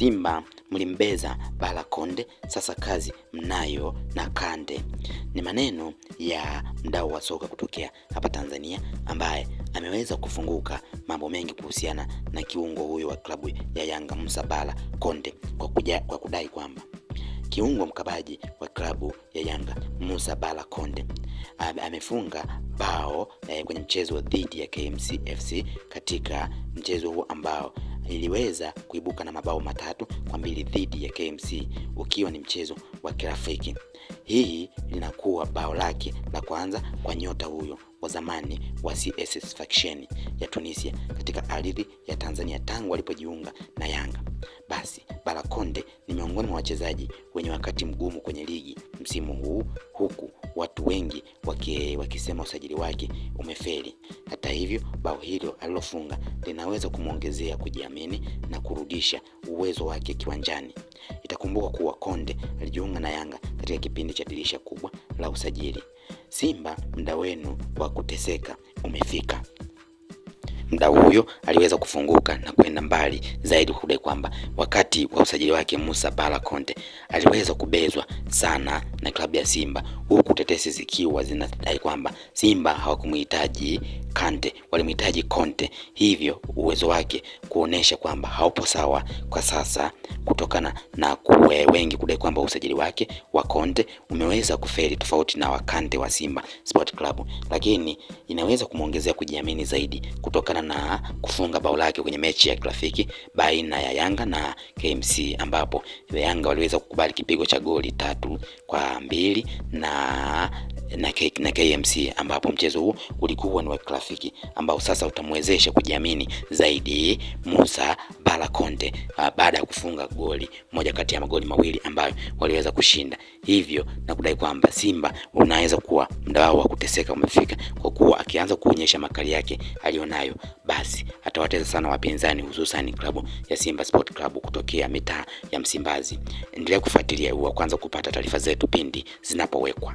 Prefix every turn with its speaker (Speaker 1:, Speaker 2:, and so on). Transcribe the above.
Speaker 1: Simba mlimbeza bala konde, sasa kazi mnayo na kande. Ni maneno ya mdau wa soka kutokea hapa Tanzania ambaye ameweza kufunguka mambo mengi kuhusiana na kiungo huyo wa klabu ya Yanga Musa Bala Konde kwa, kuja, kwa kudai kwamba kiungo mkabaji wa klabu ya Yanga Musa Bala Konde amefunga bao eh, kwenye mchezo dhidi ya KMC FC katika mchezo huo ambao iliweza kuibuka na mabao matatu kwa mbili dhidi ya KMC ukiwa ni mchezo wa kirafiki. Hii linakuwa bao lake la kwanza kwa nyota huyo wa zamani wa CSS faction ya Tunisia katika ardhi ya Tanzania tangu alipojiunga na Yanga. Basi Bara Konde ni miongoni mwa wachezaji wenye wakati mgumu kwenye ligi msimu huu, huku watu wengi wake, wakisema usajili wake umefeli. Hata hivyo, bao hilo alilofunga linaweza kumwongezea kujiamini na kurudisha uwezo wake kiwanjani. Itakumbuka kuwa Konde alijiunga na Yanga katika kipindi cha dirisha kubwa la usajili. Simba, muda wenu wa kuteseka umefika mda huyo aliweza kufunguka na kwenda mbali zaidi kudai kwamba wakati wa usajili wake Musa Bala Conte aliweza kubezwa sana na klabu ya Simba, huku tetesi zikiwa zinadai kwamba Simba hawakumhitaji Kante, walimhitaji Conte, hivyo uwezo wake kuonesha kwamba haupo sawa kwa sasa, kutokana na kuwe wengi kudai kwamba usajili wake wa Conte umeweza kufeli tofauti na wakante wa Simba Sport Club, lakini inaweza kumwongezea kujiamini zaidi kutokana na kufunga bao lake kwenye mechi ya kirafiki baina ya Yanga na KMC ambapo Yanga waliweza kukubali kipigo cha goli tatu kwa mbili na na, K, na KMC ambapo mchezo huu ulikuwa ni wa kirafiki ambao sasa utamwezesha kujiamini zaidi Musa Balakonte ah, baada ya kufunga goli moja kati ya magoli mawili ambayo waliweza kushinda, hivyo na kudai kwamba Simba unaweza kuwa muda wao wa kuteseka umefika, kwa kuwa akianza kuonyesha makali yake aliyonayo, basi atawateza sana wapinzani, hususan klabu ya Simba Sport Club kutokea mitaa ya Msimbazi. Endelea kufuatilia huwa kwanza kupata taarifa zetu pindi zinapowekwa.